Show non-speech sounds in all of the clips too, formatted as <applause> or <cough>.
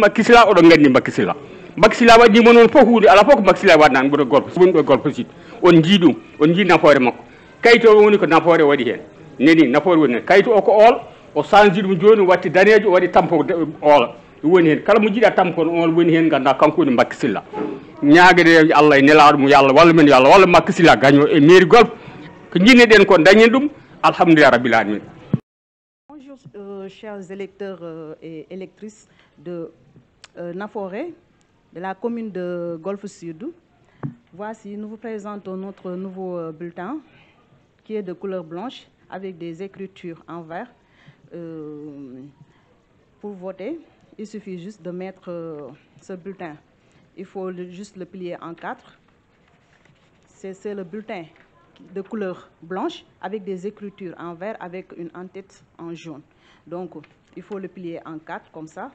makkisila oɗo gandi makkisila makkisila waɗi mon on fof huude ala ko makkisila waɗnan ɓuura gorko woni ɗo gorko sud on jii ɗum nafoore makko kayito o woni ko nafoore waɗi hen neni nafoore woni hen o ko ool o changi ɗum o waɗi tampo oola ɗum woni hen kala mo jiiɗa tampo no woni hen ganda kanko woni makki silla ñaaguede allah e nelaɗo mum yo allah walla men yo allah walla makki silla gaño e mairie golf ko jinneɗen ko dañen ɗum alhamdulillah rabbil alamin bonjour euh, Euh, Naforé de la commune de Golfe Sud. Voici, nous vous présentons notre nouveau euh, bulletin qui est de couleur blanche avec des écritures en vert. Euh, pour voter, il suffit juste de mettre euh, ce bulletin. Il faut juste le plier en quatre. C'est le bulletin de couleur blanche avec des écritures en vert avec une en-tête en jaune. Donc, il faut le plier en quatre comme ça.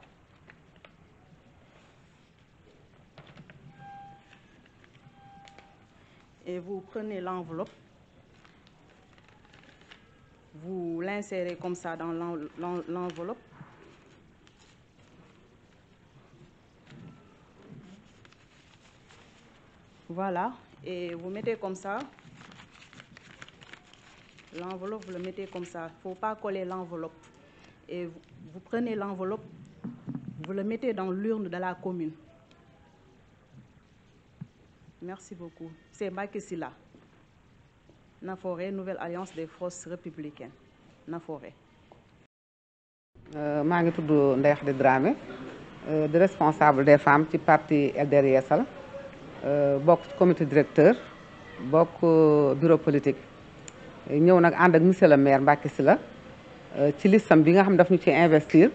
et vous prenez l'enveloppe, vous l'insérez comme ça dans l'enveloppe. Voilà, et vous mettez comme ça. L'enveloppe, vous le mettez comme ça. Il ne faut pas coller l'enveloppe. Et vous, vous prenez l'enveloppe, vous le mettez dans l'urne de la commune. Merci beaucoup. c'est Macky Sall Nafoore nouvelle alliance des forces républicaines Nafoore. Euh, maa ngi tudd Ndeye Khady Dramé euh, di responsable des femmes ci parti LDR Yeesal euh, bokk ci comité directeur bokk bureau politique ñëw nag ànd ak monsieur le maire si la ci listam bi nga xam daf ñu ci investir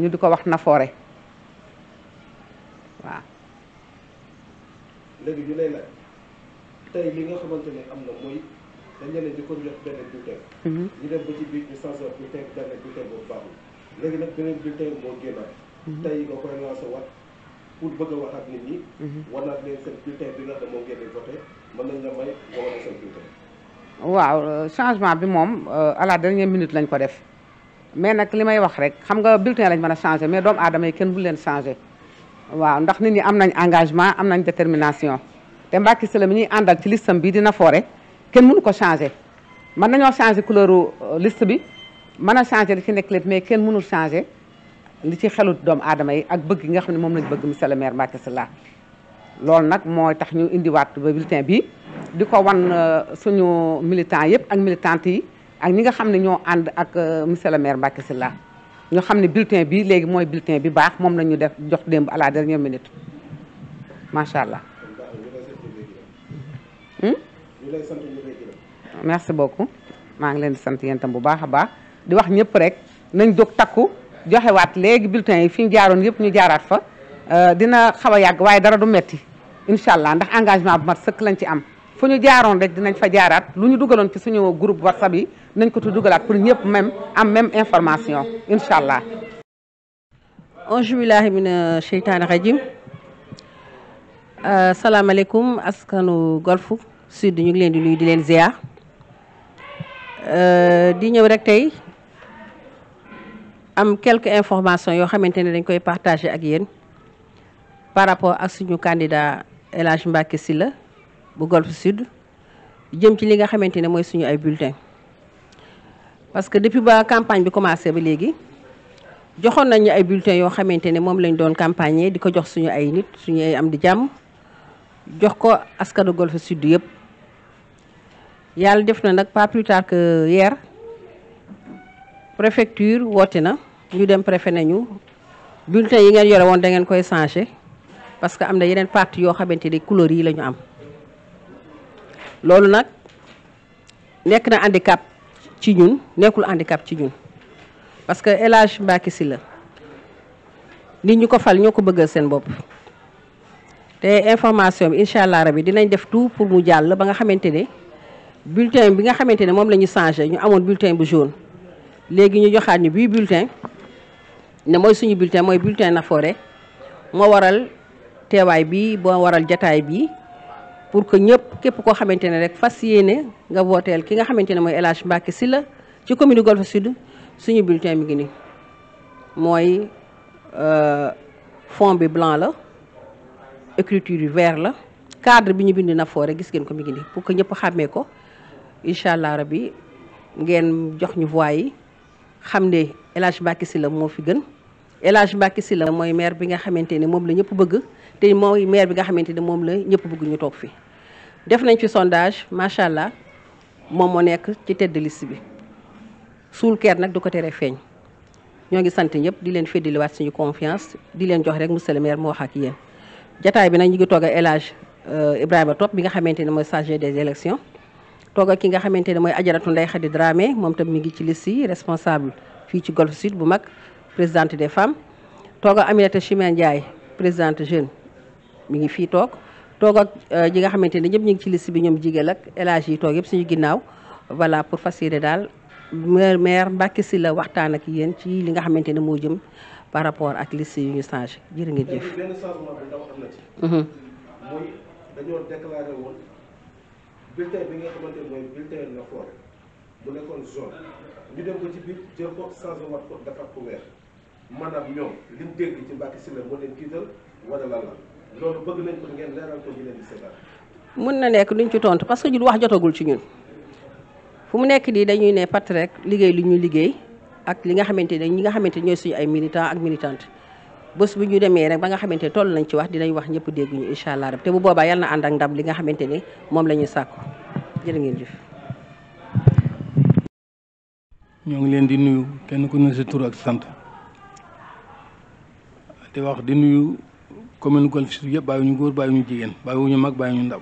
ñu di ko wax Nafoore waaw. léegi ñu lay laaj tey li nga xamante ne am na mooy dañ leen di ko jox benn bulletin. Mhm. ñu dem ba ci biir ñu changé bulletin benn bulletin boobu baaxul léegi nag beneen bulletin moo génnaat. Mhm. tey nga koy a mhm. nga may nga wane seen bulletin. waaw euh, changement bi moom euh, à la dernière minute lañ ko def mais nag li may wax rek xam nga bulletin lañ mën a changé mais doomu adama yi kenn bu leen changé. waaw ndax nit ñi am nañ engagement am nañ détermination te Mbacké la mi ñuy àndal ci listam bi dina foore kenn mënu ko changé mën nañoo changé couleuru euh, list bi mën a changé li ci nekk lépp mais kenn mënul changé li ci xelut doomu aadama yi ak bëgg nga xam ne moom lañ bëgg monsieur le maire Mbacké Sylla loolu nag mooy tax ñu indiwaat ba bulletin bi di ko wan euh, suñu militant yëpp ak militante yi ak ñi nga xam ne ñoo ànd ak euh, monsieur le maire Mbacké Sylla ñu xam ne bulletin bi léegi mooy bulletin bi baax moom la def jox démb allah la dernière minute macha allah. Hmm? merci beaucoup maa ngi leen di sant yéen tam bu baax a baax di wax ñëpp rek nañ jóg takku joxewaat léegi bulletin yi fi ñu jaaroon yëpp ñu jaaraat fa euh, dina xaw a yàgg waaye dara du metti incha allah ndax engagement bu mat sëkk lañ ci am fu ñu jaaroon rek dinañ fa jaaraat lu ñu dugaloon ci suñu groupe whatsapp yi nañ ko tudd dugalaat pour ñëpp même am même information incha allah. auzu billaahi mina sheytaani rajim euh, salaamaaleykum askanu golf sud ñu ngi leen di nuy di leen ziar euh, di ñëw rek tey am quelque information yoo xamante ne dañ koy partager ak yéen par rapport ak suñu candidat El Hadj Mbacké Sylla bu golf sud jëm ci li nga xamante ne mooy suñu ay bulletin parce que depuis ba campagne bi commencé ba léegi joxoon nañu ay bulletins yoo xamante ne moom lañ doon campagne di ko jox suñu ay nit suñu ay am di jàmm jox ko askanu Golf Sud yëpp yàlla def na nag pas plus tard que hier préfecture woote na ñu dem préfet nañu bulletins yi ngeen yore woon da ngeen koy changé parce que am na yeneen partie yoo xamante ne couleur yi la ñu am loolu nag nekk na handicap ci ñun nekkul handicap ci ñun parce que élage Hadj Mbacké Sylla nit ñu ko fal ñoo ko bëggal seen bopp te information bi incha allah rabi dinañ def tout pour mu jàll ba nga xamante ne bulletin bi nga xamante ne moom la changé ñu amoon bulletin bu jaune léegi ñu joxaat ñu bii bulletin ne mooy suñu bulletin mooy bulletin Nafoore moo waral teewaay bi boo waral jataay bi pour que ñëpp képp koo xamante ne rek fas yéene nga wooteel ki nga xamante ne mooy élage Hadj si la ci commune du Golf Sud suñu bulletin mi ngi nii mooy euh, fond bi blanc la écriture yu vert la cadre bi ñu bind na foore gis ngeen ko mi ngi nii pour que ñëpp xàmmee ko incha allah rabi ngeen jox ñu voix yi xam ne El Hadj si la moo fi gën. El Hadj Mbacké Sylla mooy maire bi nga xamante ne moom la ñëpp bëgg te mooy maire bi nga xamante ne moom la ñëpp bëgg ñu toog fi def nañ fi sondage macha allah moom moo nekk ci tête de bi suul keer nag du ko tere feeñ ñoo ngi sant ñëpp di leen féddiliwaat suñu confiance di leen jox rek mu le mu wax ak yéen. jataay bi nag ñu ngi toog ak El Hadj euh, Ibrahima Top bi nga xamante ne mooy chargé des élections toog ki nga xamante ne mooy Ajaratu nday Khady Dramé moom tam mi ngi ci liste yi responsable fii ci Golf Sud bu mag présidente des femmes toog ak Aminata Chimène Ndiaye présidente jeune mi ngi fii toog. toog ak euh, ñi xamante ne ñëpp ñu ngi ci liste bi ñoom jigéen ak élage yi toog yëpp ñu ginnaaw voilà pour fas yéene daal maire maire Mbacké Sylla waxtaan ak yéen ci li nga xamante ne moo jëm par rapport ak liste yu ñu changé jërë ngeen jëf. benn bi ndaw am na ci. Mhm. mooy bi nga xamante mooy bulletin la foore ci biir jël ko moo leen tiital wala lan la. loolu bëgg nañ ko ñu na nekk duñ ci tontu parce que ñun wax jotagul ci ñun fu mu nekk nii dañuy ne pat rek liggéey lu ñu liggéey ak li nga xamante ne ñi nga xamante ne ñooy ay militant ak militante bés bu ñu demee rek ba nga xamante ne toll nañ ci wax dinañ wax ñëpp dégg ñu incha allah te bu boobaa yal na ànd ndam li nga xamante ne moom la ñu sàkku jërë ngeen jëf. ñoo ngi leen di nuyu kenn ku ne sa tur ak sant di wax di nuyu. commune Golf Sud yëpp bàyyiwuñu góor ñu jigéen bàyyiwuñu mag bàyyiwuñu ndaw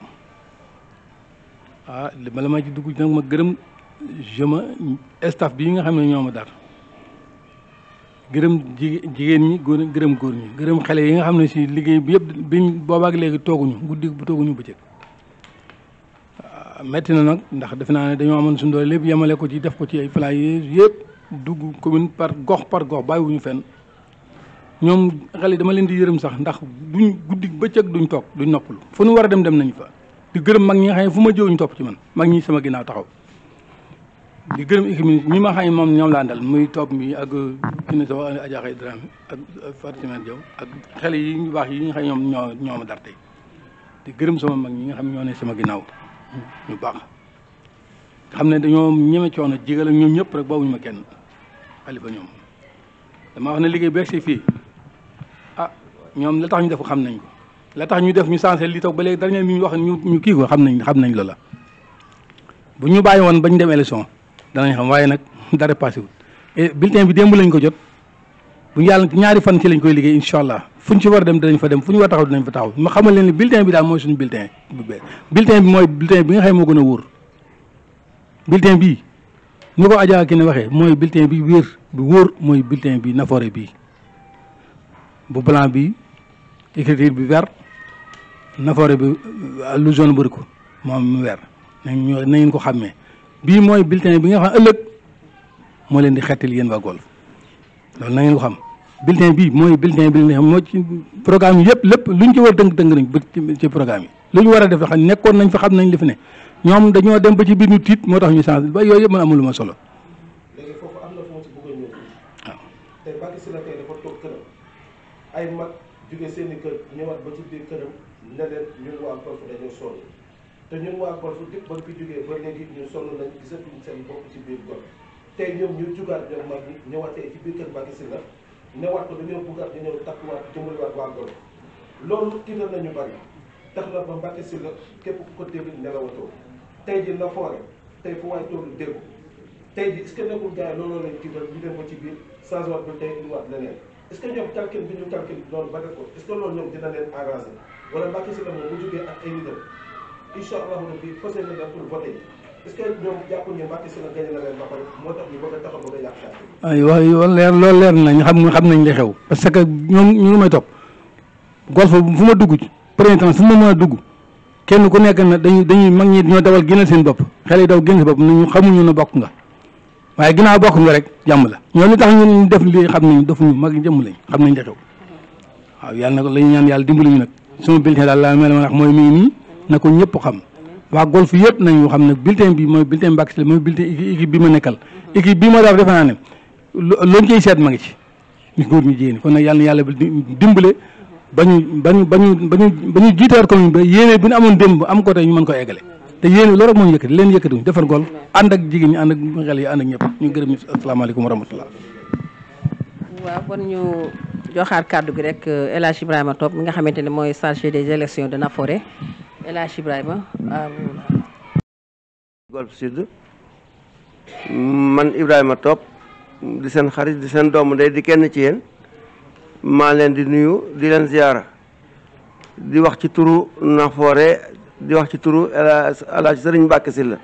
ah bala ma ci dugg nag ma gërëm je ma staff bi nga xam ne ñoo ma dar gërëm jigéen ñi góor gërëm góor ñi gërëm xale yi nga xam ne si liggéey bi yëpp biñ boobaak léegi tooguñu guddi bu tooguñu bëccëg ah, metti na nag ndax defe naa ne dañoo amoon suñu doole lépp yemale ko ci def ko ci ay pla yëpp dugg commune par gox par gox ñu fen ñoom xale dama leen di yërëm sax ndax duñ guddi bëccëg duñ toog duñ noppalu fu nu war a dem dem nañu fa di gërëm mag ñi xam fu ma jëw topp ci man mag ñi sama ginnaaw taxaw di gërëm équipe ñi ma moom ñoom laa ndal muy topp mi ak kine sa wax ajaxay ak Fatimata Diaw ak xale yi ñu baax yi nga ñoo ñoo ma darte di gërëm sama mag ñi nga xam ñoo ne sama ginnaaw ñu baax xam ne dañoo ñeme coono jigal ak ñoom ñëpp rek bawuñu ma kenn xalifa ñoom dama wax ne liggéey beeg si fii ñoom la tax ñu def ko xam nañ ko la tax ñu def ñu sensé li toog ba léegi dernier mi ñu wax ñu ñu kii ko xam nañ xam nañ loola bu ñu bàyyi woon bañ dem élection danañ xam waaye nag <laughs> dara passé wul bulletin bi démb lañ ko jot bu yàlla ñaari fan ci lañ koy liggéey incha allah fu ñu ci war dem dinañ fa dem fu ñu war a taxaw dinañ fa taxaw ma xamal leen ni bulletin bi daal mooy suñu bulletin bu bi mooy bulletin bi nga xam moo gën a wóor bulletin bii ñu ko ajaa ki ne waxee mooy bulletin bi wér bi wóor mooy bulletin bi nafoore bii bu bi écriture bi weer nafoore bi lu jaune bëri ko moom weer nañ nañu ko xàmmee bii mooy bulletin bi nga xam ëllëg moo leen di xettil yéen waa golf loolu na ko xam bulletin bii mooy bulletin bi ne moo ci programme yëpp lépp luñ ci war a nañ ba ci programme yi lu ñu war a def xam nekkoon nañ fa xam nañ li fi ne ñoom dañoo dem ba ci biir ñu tiit moo tax ñu changé ba yooyu yëpp man amul lu ma solo jóge seen i kër ñëwaat ba ci biir këram ne leen ñun waa Golf dañoo sonn te ñun waa Golf dëpp ba fi jógee ba léegi ñun sonn nañ gisatuñ seen bopp ci biir Golf tey ñoom ñu jugaat ñoom mag ñi ñëwaatee ci biir kër Macky Sall la newaat ko dañoo bëggaat ñu ñëw takkuwaat jëmbaliwaat waa Golf loolu tiital nañu bari tax na ba Macky Sall la képp ku ko déglu nelawatoo tey ji la foore tey fu waay toll dégg tey ji est-ce que nekkul gars yi looloo lañ tiital ñu dem ko ci biir changewaat ba tey indiwaat leneen est-ce que ñoom calcul bi ñu na yi est-ce que leen ba pare moo tax ñu bëgg a taxaw bëgg a nañ xam xew parce que ñoom may topp golf fu ma dugg premier temps fu ma mën a dugg kenn ku nekk na dañuy dañuy mag ñi ñoo dawal génnal seen bopp xel yi daw génn seen bopp ñu xamuñu ne bokk nga. waaye ginnaaw bokk nga rek jàmm la ñooñu tax ñun def li xam nañ defuñu mag jëmm lañ xam nañ joxew waaw yàlla na la ñu ñaan yàlla dimbali ñu nag suma bulletin daal laa mel ma wax mooy mii nii na ko ñëpp xam waa golf yëpp nañu xam ne bulletin bi mooy bulletin Mbacké Sylla mooy bi ma nekkal équipe bi ma daaf defe naa ne looñ ciy seet ma ci ñu góor ñu jigéen kon nag yàlla na yàlla dimbale ba bañu bañu bañu ba ñu ba yéene bi ñu amoon démb am ko tey ñu mën ko eggale te yéen loolu rek moo ñu yëkkati leen yëkkati defal gol ànd ak jigéen ñi ànd ak xel yi ànd ak ñëpp ñu gërëm ñu asalaamaaleykum wa rahmatullah waaw kon ñu joxaat kàddu gi rek euh, El Hadj Ibrahima Top mi nga xamante ne mooy chargé des élections de Nafoore El Hadj Ibrahima Golf Sud man Ibrahima di seen xarit di seen doomu ndey di kenn ci yéen maa leen di nuyu di leen ziyaara di wax ci turu Nafoore di wax ci turu El Hadj Sëriñ Mbàkke Sylla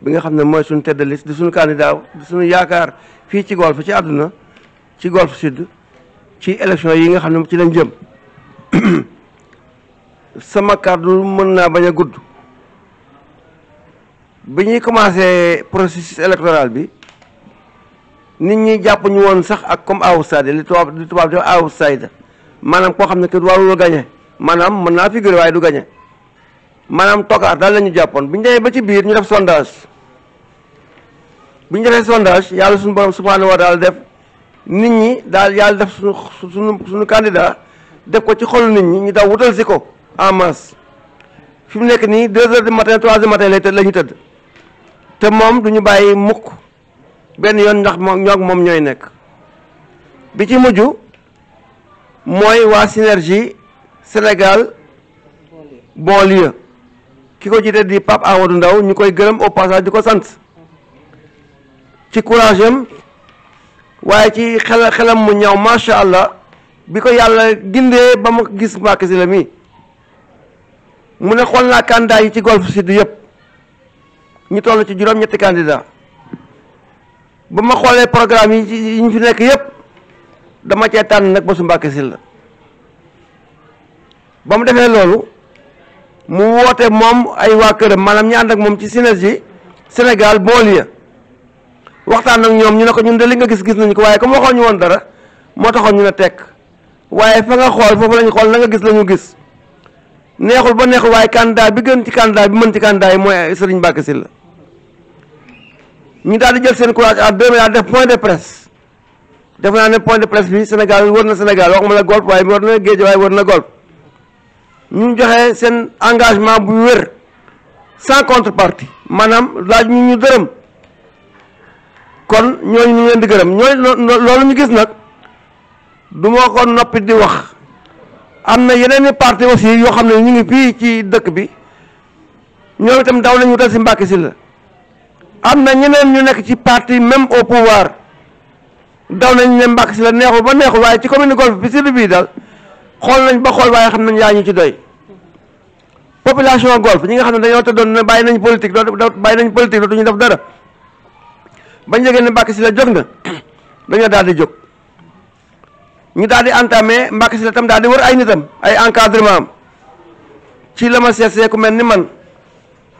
bi nga xam ne mooy suñu tête de liste di suñu candidat di suñu yaakaar fii ci golf ci àdduna ci golf sud ci élection yi nga xam ne ci lañ jëm <clears throat> sama kàddu mën naa bañ a gudd bi ñuy commencé processus électoral bi nit ñi jàpp ñu woon sax ak comme outsider li tubaab li tubaab di outsider maanaam koo xam ne kër warul gagné maanaam mën naa figuré waaye du gagné maanaam tokaar daal la ñu jàppoon bi ñu demee ci biir ñu def sondage bi ñu defee sondage yàlla suñu borom subhanahu wa taala def nit ñi daal yàlla def suñu suñu suñu candidat def ko ci xolu nit ñi ñu daw wutal si ko en masse fi mu nekk nii deux heures du matin trois heures matin lay tëdd la ñu tëdd te moom du ñu bàyyi mukk benn yoon ndax moom ñoo moom ñooy nekk bi ci mujj mooy waa synergie Sénégal banlieue ki ko jiite di Pape Amadou Ndaw ñu koy gërëm au passage di ko sant ci courage am waaye ci xel xelam mu ñaw macha allah bi ko yàlla gindee ba ma gis Mbacké Sylla mi mu ne xool naa candidat yi ci Golf Sud yëpp ñu toll ci juróom-ñetti candidat ba ma xoolee programme yi ñu fi nekk yëpp dama cee tànn nag ba su Mbacké Sylla ba mu defee loolu mu woote moom ay waa këram maanaam ñu ànd ak moom ci synergie Sénégal bool ya waxtaan ak ñoom ñu ne ko ñun de li nga gis gis nañu ko waaye comme waxoon ñu woon dara moo taxoon ñu ne tekk waaye fa nga xool foofu lañu xool na nga gis la ñu gis neexul ba neexul waaye candidat bi gën ci candidat bi mën ci candidat yi mooy Serigne si la ñu daal di jël seen courage à deux mille def point de presse def naa ne point de presse bi Sénégal wër na Sénégal waxuma la golf waaye war na géej waaye na golf ñu joxe seen engagement bu wér sans contrepartie maanaam laaj ñu ñu dërëm kon ñooñu ñu leen di gërëm ñooñu loolu ñu gis nag du ma ko noppi di wax am na yeneen i parti aussi yoo xam ne ñu ngi fii ci dëkk bi ñoom itam daw nañu dal si Mbacké Sylla am na ñeneen ñu nekk ci parti même au pouvoir daw nañu ne si Sylla neexul ba neexul waaye ci commune Golf bi Sylla bii daal xool nañ ba xool waaye xam nañ yaa ñu ci doy population golf ñi nga xam ne dañoo tëddoon ne bàyyi nañ politique doo bàyyi nañ politique dootuñu def dara bañ jógee ne Mbacké Sylla jóg na <clears throat> dañoo daal di jóg ñu daal di entamé si Sylla tam daal di wër ay nitam ay encadrement am ci la ma seetsee ku mel ni man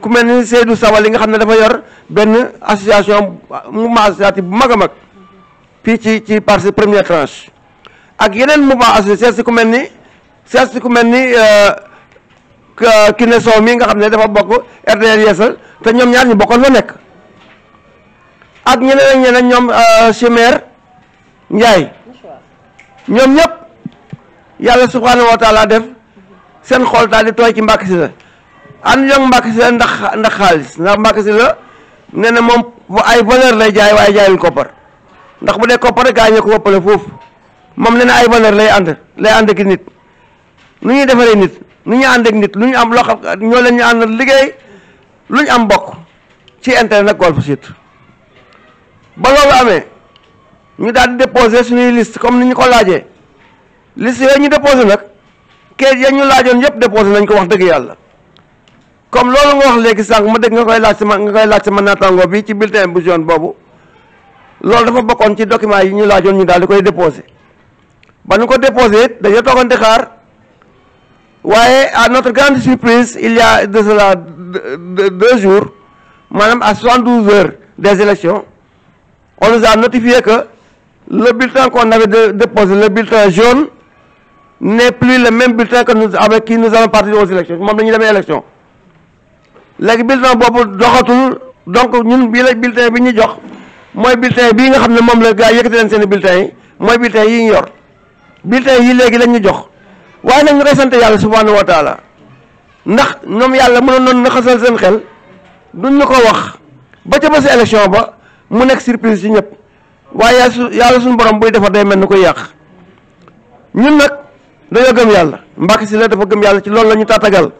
ku mel ni Seydou Sawal yi nga xam ne dafa yor benn association mouvement associatif bu mag a mag fii ci ci partie premier tranche ak yeneen mouvement associé seet si ku mel ni seet si ku mel ni euh, Kiné Sow mii nga xam ne dafa bokk RDR Yeesal te ñoom ñaar ñu bokkoon fa nekk ak ñeneen ak ñeneen ñoom euh, Chimère njaay ñoom ñëpp yàlla subhaanahu wa taala def seen xool daal di tooy ci Mbacké Sylla ànd ñoom Mbacké Sylla ndax ndax xaalis ndax Mbacké Sylla nee na moom ay valeur lay jaay waaye jaayul koppar ndax bu dee koppar gaa ñu ko ëppale foofu moom nee na ay valeur lay ànd lay ànd ak nit nu ñuy defaree nit nu ñuy ànd ak nit lu ñu am loo xam ñoo leen ñu àndal liggéey lu ñu am bokk ci intérêt nag Golf Sud ba loolu amee ñu daal di déposé suñuy list comme ni ñu ko laajee liste yooyu ñu déposé nag kayit ya ñu laajoon yëpp déposé nañ ko wax dëgg yàlla comme loolu nga wax léegi sànq ma dégg nga koy laaj sama nga bi ci bulletin bu jaune boobu loolu dafa bokkoon ci document yi ñu laajoon ñu daal di koy déposé ba ñu ko déposé dañoo toogante xaar waaye à notre grande surprise il de y a de cela jours maanaam à soixante-douze heures des élections on nous a notifié que le bulletin qu'on avait déposé le bulletin jaune n'est plus le même bulletin que nous avec qui nous allons partir aux élections moom dañuy demee élection léegi bulletin boobu doxatul donc ñun bii la bi ñu jox mooy bulletin bii nga xam ne moom la gars yëkkati leen seen bulletin yi mooy bulletin yi ñu yor bulletin yi léegi lañuy jox waaye nag ñu koy sant yàlla subhanahu wa taala ndax ñoom yàlla mënoon noonu na xasal seen xel duñ ñu ko wax ba ca bési élection ba mu nekk surprise ci ñëpp waaye su yàlla suñu borom buy defar day mel ni koy yàq ñun nag dañoo gëm yàlla Mbacké Sylla dafa gëm yàlla ci loolu la ñu tàttagal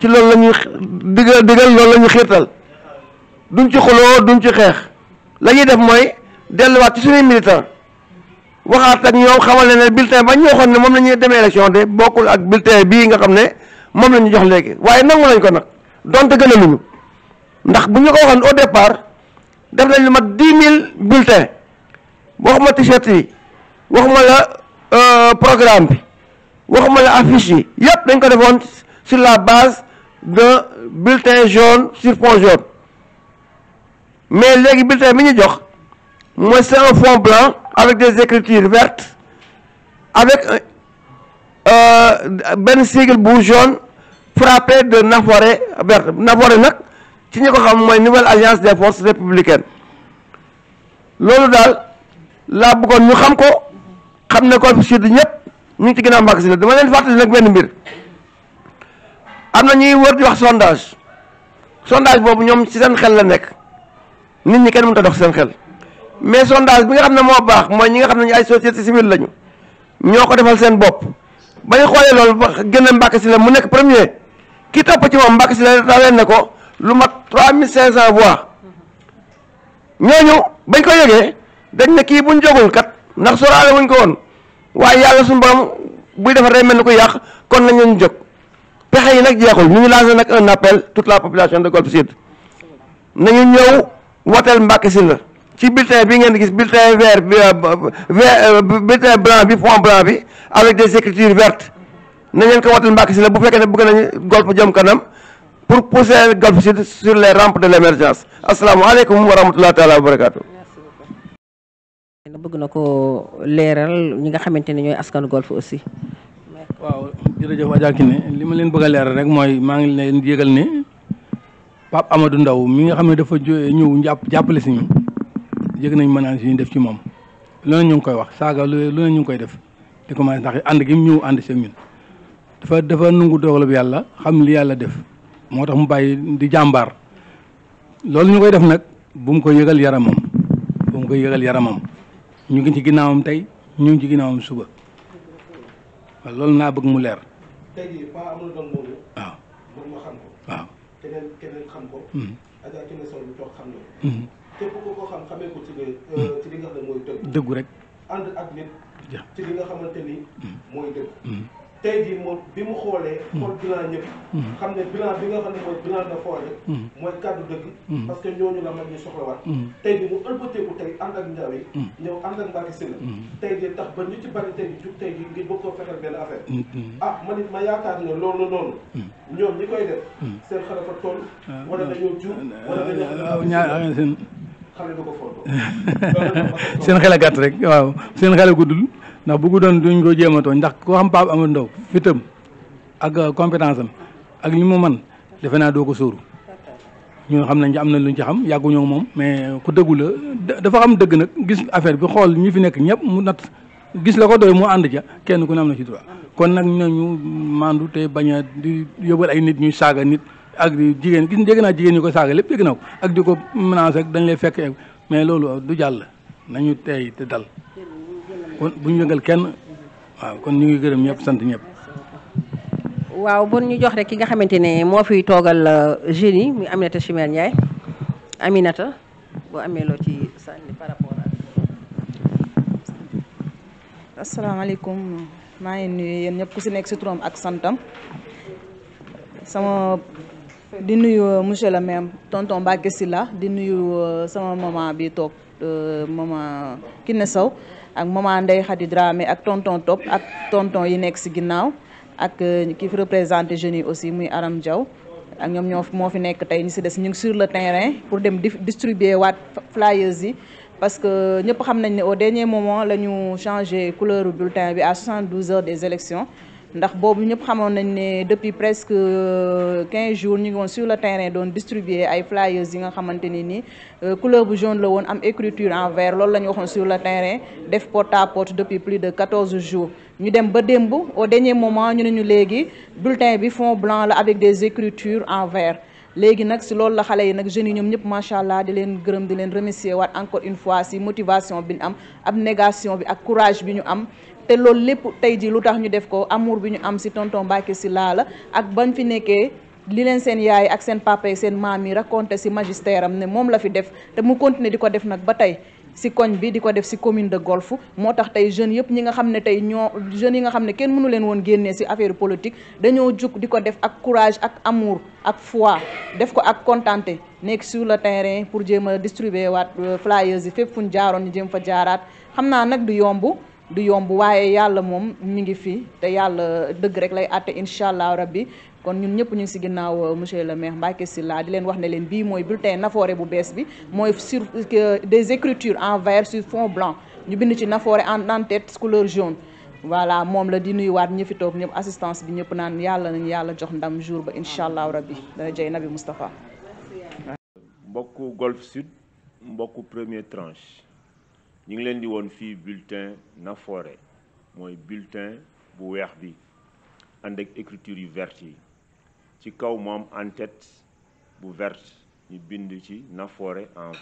ci loolu la ñuy digal digal loolu lañuy ñu xiirtal duñ ci xuloo duñ ci xeex la ñuy def mooy delluwaat ci suñuy militant waxaat ak ñoom xamal ne bulletin ba ñu waxoon ne moom la ñuy demee élection de bokkul ak bulletin bii nga xam ne moom la jox léegi waaye nangu lañ ko nag donte gën a luñu ndax bu ñu ko waxoon au départ def nañ lu mat dix mille bulletin waxuma t-shirt yi waxuma la euh, programme bi waxuma la affiche yi yëpp dañ ko defoon sur la base de bulletin jaune sur fond jaune mais léegi bulletin bi ñu jox Moi, c'est un fond blanc avec des écritures vertes, avec euh, euh ben sigle bu jaune frappé de naforé verte naforé nag ci ñi ko xam mooy nouvelle alliance des forces républicaines loolu daal laa bëggoon ñu xam ko xam ne ko sud ñëpp ñu ngi ci ginnaaw Macky Sall dama leen fàttali nag benn mbir am na ñuy wër di wax sondage sondage boobu ñoom ci seen xel la nekk nit ñi kenn mënut a dox seen xel. mais sondage bi nga xam ne moo baax mooy ñi nga xam ne ay société civile lañu ñoo ko defal seen bopp ba ñu xoolee loolu ba gën a Mbacke Sylla mu nekk premier ki topp ci moom Mbacke Sylla daa leen ne ko lu mat 3500 voix ñooñu bañ ko yëgee dañ ne kii buñ jógul kat ndax soraale wuñ ko woon waaye yàlla suñu buy defar mel ni ko yàq kon nañ leen jóg pexe yi nag jeexul ñu ngi lancé nag un appel toute la population de Golf Sud nañu ñëw woteel Mbacke Sylla ci bulletin bi ngeen gis bulletin vert bi euh, euh, bulletin blanc bi fond blanc bi avec des écritures vertes na ngeen ko watal Mbacké la bu fekkee ne bëgg nañu Golf jëm kanam pour pousser Golf Sud sur les rampes de l'émergence asalaamaaleykum wa rahmatullahi taala wa barakaatu. bëgg na ko leeral ñi nga xamante ne ñooy askanu aussi. waaw jërëjëf Adja li ma leen bëgg a leeral rek mooy maa ngi leen yëgal ne Pape Amadou Ndaw mi nga xam ne dafa ñëw jàpp jàppale si ñu yëg nañ menaces yi ñu def ci moom lu ne ñu ngi koy wax saaga lu ne ñu ngi koy def di commencé ndax ànd gi mu ñëw ànd si dafa dafa nungu dogal bi yàlla xam li yàlla def moo tax mu bàyyi di jàmbaar loolu ñu koy def nag bu mu ko yëgal yaramam bu mu ko yëgal yaramam ñu ngi ci ginnaawam tey ñu ngi ci ginnaawam suba loolu naa bëgg mu leer. tey képp ku ko xam xamee ko ci hmm. euh, ci li nga xam ne mooy dëgg. dëggu rek. ànd ak nit. ci li nga xamante ni. Hmm. mooy dëgg. Hmm. tey jii moom bi mu xoolee. xool bilan ñëpp. xam ne bilan bi nga xam ne mooy bilan de foore. mooy kàddu dëgg. parce que ñooñu la mag ñu soxlawaat. tey jii mu ëlbateeku tey ànd ak njaaw yi. ñëw ànd ak Mbacké Sylla. tey jii tax ba ñu ci bari tey jii jug tey jii ngir bëgg koo fexeel benn affaire. ah man it ma yaakaar ne loolu noonu. ñoom ñi koy def. seen xarala fa toll. Ah, wala dañoo juum wala ah, dañoo. Ah, ñaar seen. <laughs> seen xel rek waaw seen xel a guddul ndax bu guddoon duñ ko jéem ndax koo xam Pape Amadou Ndao fitam ak euh, compétence am ak li mu man defe naa doo ko sóoru ñu xam nañ ci am na luñ ci xam yàgguñoo moom mais ku dëggu la dafa xam dëgg nag gis affaire bi xool ñu fi nekk ñëpp mu nat gis la ko doy mu ànd ca kenn ku ne am na ci droit kon nag ñooñu mandu te bañ a di yóbbal ay nit ñu saaga nit ak di jigéen gis dégg naa jigéen ko saaga lépp dégg ko ak ko menacer ak dañ lay fekk mais loolu du jàll nañu tey te dal kon bu kenn waaw kon ñu ngi gërëm ñëpp sant ñëpp. waaw bon ñu jox rek ki nga xamante ne moo fiy toogal jeunes yi muy Aminata Chimère Ndiaye Aminata boo amee loo ci sànni par rapport ak. maa ngi nuyu yéen ñëpp si nekk si turam ak santam sama. di nuyu euh, monsieur le maire tonton si la di nuyu euh, sama maman bi toog euh, maman Kiné Sow ak maman Ndeye Khady Dramé ak tonton Top ak tonton yi nekk si ginnaaw ak ki fi représenté jeunes yi aussi muy Aram Diaw ak ñoom ñoo moo fi nekk tey ñu si des ñu ngi sur le terrain pour dem distribuer waat flyers yi parce que ñëpp xam nañ ne au dernier moment la ñu changé couleur bulletin bi à 72 heures des élections ndax boobu ñëpp xamoon nañ ne depuis presque euh, quinze jours ñu ngi woon sur le terrain doon distribuer ay flyers yi nga xamante ni nii euh, couleur bu jaune la woon am écriture en vert loolu la waxoon sur le terrain def porte à porte depuis plus de quatorze jours ñu dem ba démb o dernier moment ñu ne ñu léegi bulletin bi fond blanc la avec des écritures en vert léegi nag si loolu la xale yi nag jeunes yi ñoom ñëpp macha allah di leen gërëm di leen remercier waat encore une fois si motivation bi ñu am abnégation bi ak courage bi ñu am te loolu lépp tey jii lu tax ñu def ko amour bi ñu am si tonton Mbacké Sylla la ak ban fi nekkee li leen seen yaay ak seen papa yi seen maam yi raconté si magistère am ne moom la fi def te mu continuer di ko def nag ba tey si koñ bi di ko def si commune de Golf moo tax tey jeunes yëpp ñi nga xam ne tey ñoo jeunes yi nga xam ne kenn mënu leen woon génnee si dañoo jug di ko def ak courage ak amour ak foi def ko ak contenté nekk su le terrain pour jéem a distribuer waat euh, flyers yi fépp fu ñu jaaroon ñu jéem fa jaaraat xam naa nag di yomb. di yomb waaye yàlla moom mi ngi fi te yàlla dëgg rek lay àtte incha allah rabbi kon ñun ñëpp ñu ngi si ginnaaw euh, monsieur le maire Mbacké Sylla di leen wax ne leen bii mooy tey Nafoore bu bees bi mooy sur euh, des écritures en vert sur fond blanc ñu bind ci Nafoore en en couleur jaune. voilà moom la di nuyuwaat ñi fi toog ñëpp assistance bi ñëpp naan yàlla nañu yàlla jox ndam jour ba incha allah rabbi dana jëy Nabi Moustapha. mbokku Golf Sud mbokku première ñu ngi leen di woon fii bulletin nafoore mooy bulletin bu weex bi ànd ak écriture yu verte yi ci kaw moom en bu vert ñu bind ci nafoore en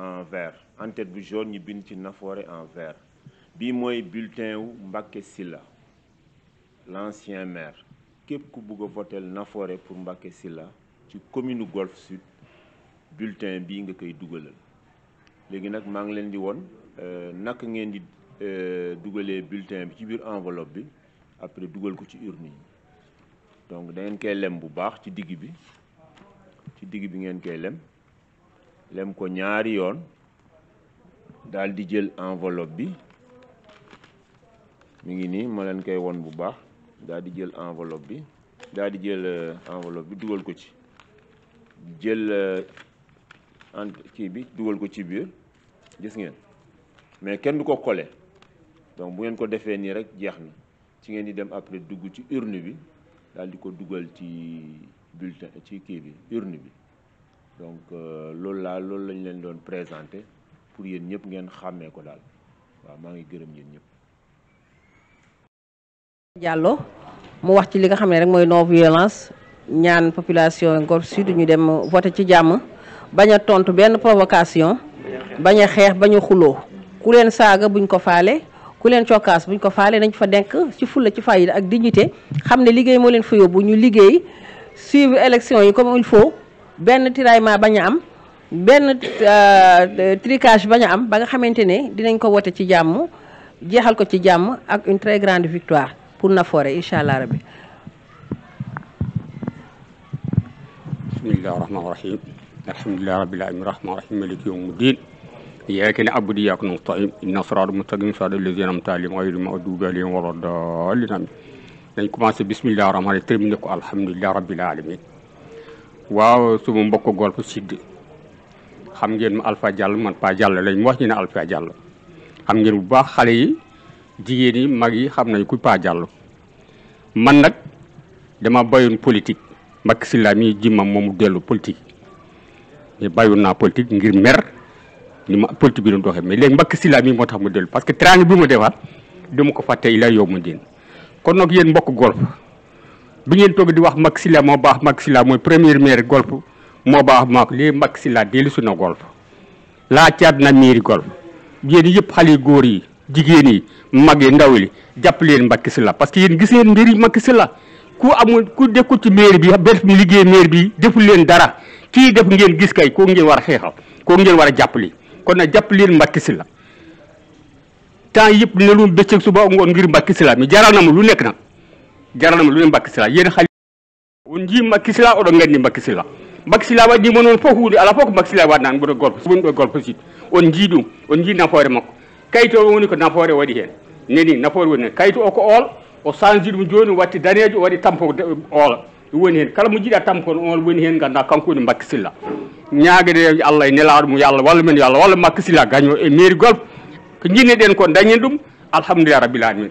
en vert en bu jaune ñu bind ci nafoore en vert bii mooy bulletin wu Mbacké Sylla l'ancien maire képp ku bugg a votel pour Mbacké Sylla ci commune Golf Sud bulletin bii nga koy dugalal léegi nag maa ngi leen di woon euh, naka ngeen di euh, dugalee bulletin bi ci biir enveloppe bi après dugal ko ci urne yi donc da ngeen koy lem bu baax ci digg bi ci digg bi ngeen koy lem lem ko ñaari yoon daal di jël enveloppe bi mu ngi nii ma leen koy won bu baax daal di jël enveloppe bi daal di jël euh, enveloppe bi dugal ko ci jël en kii bi dugal ko ci biir gis ngeen mais kenn du ko collé donc bu ngeen ko defee nii rek jeex na ci ngeen di dem après dugg ci urne bi daal di ko dugal ci bulletin ci kii bi urne bi donc euh, loolu laa loolu lañ leen doon présenté pour yéen ñëpp ngeen xàmmee ko daal waaw maa ngi gërëm yéen ñëpp. jàlloo mu wax ci li nga xam ne rek mooy non violence ñaan population Ngor Sud ñu dem voté ci jàmm bañ a tontu benn provocation. bañ a xeex bañ a ku leen saaga buñ ko faale ku leen cokkaas buñ ko faale nañ fa denk ci fulla ci fayda ak dignité xam ne liggéey moo leen fa yóbbu ñu liggéey suivre élection yi comme il faut benn tiraillement bañ am benn euh, tricage bañ am ba nga xamante ne dinañ ko wote ci jàmm jeexal ko ci jàmm ak une très grande victoire pour Nafoore incha allah rabbi bismillahi rahmaani rahim alhamdulilahi rabbil alamin rahmaani إياك نعبد إياك نستعين إن صراط المستقيم صراط الذين أنعمت عليهم غير المغضوب عليهم ولا الضالين آمين dañ commencé bisimilah rahmaan rahim ko alhamdulilah rabbil waaw suma mbokk golf sud xam ngeen ma Alpha jàll man Pa Diallo lañ wax ñu ne Alpha Diallo xam ngeen bu baax xale yi jigéen yi mag yi xam nañ ku Pa Diallo man nag dama bayoon politique Macky Sall mii jimam moomu dellu politique bayoon naa politique ngir mer ni ma politique bi doon doxee mais léegi Mbacké Sylla mii moo tax mu dellu parce que teraanga bi mu defaat dama ko fàtte ila yow mu diin kon nag yéen mbokk golf bi ngeen toog di wax Mbacké Sylla moo baax Mbacké Sylla mooy première maire golf moo baax maak lii Mbacké Sylla dellusi na golf laa caat na miiri golf yéen yëpp xale góor yi jigéen yi mag yi ndaw yi jàpp leen Mbacké Sylla parce que yéen gis ngeen mbiri Mbacké Sylla ku amul ku dekku ci maire bi benn liggéey maire bi deful leen dara kii def gis kay koo ngeen war a xeexal koo ngeen war a jàppale kon nag jàpp leen Mbàkke Sylla yëpp ne lu mu bëccëg suba ngoon ngir Mbàkke Sylla mi jaral na ma lu nekk nag jaral na ma lu ne Mbàkke Sylla yéen xali on ji Mbàkke Sylla oɗo nganndi Mbàkke Sylla Mbàkke mo noon fof huunde ala fof ko Mbàkke Sylla waɗnaani nafoore makko kayito woni ko nafoore waɗi heen neni nafoore woni heen o ko ool o change ɗum jooni watti daneejo waɗi tampo oola woni hen kala mo jiiɗa tam kon on woni hen ganda kanko woni makki silla ñaguede allah e nelaɗo mum yo allah walla men yo allah walla makki silla gaño e mairie golf ko jinneɗen ko dañen ɗum alhamdulillah rabbil alamin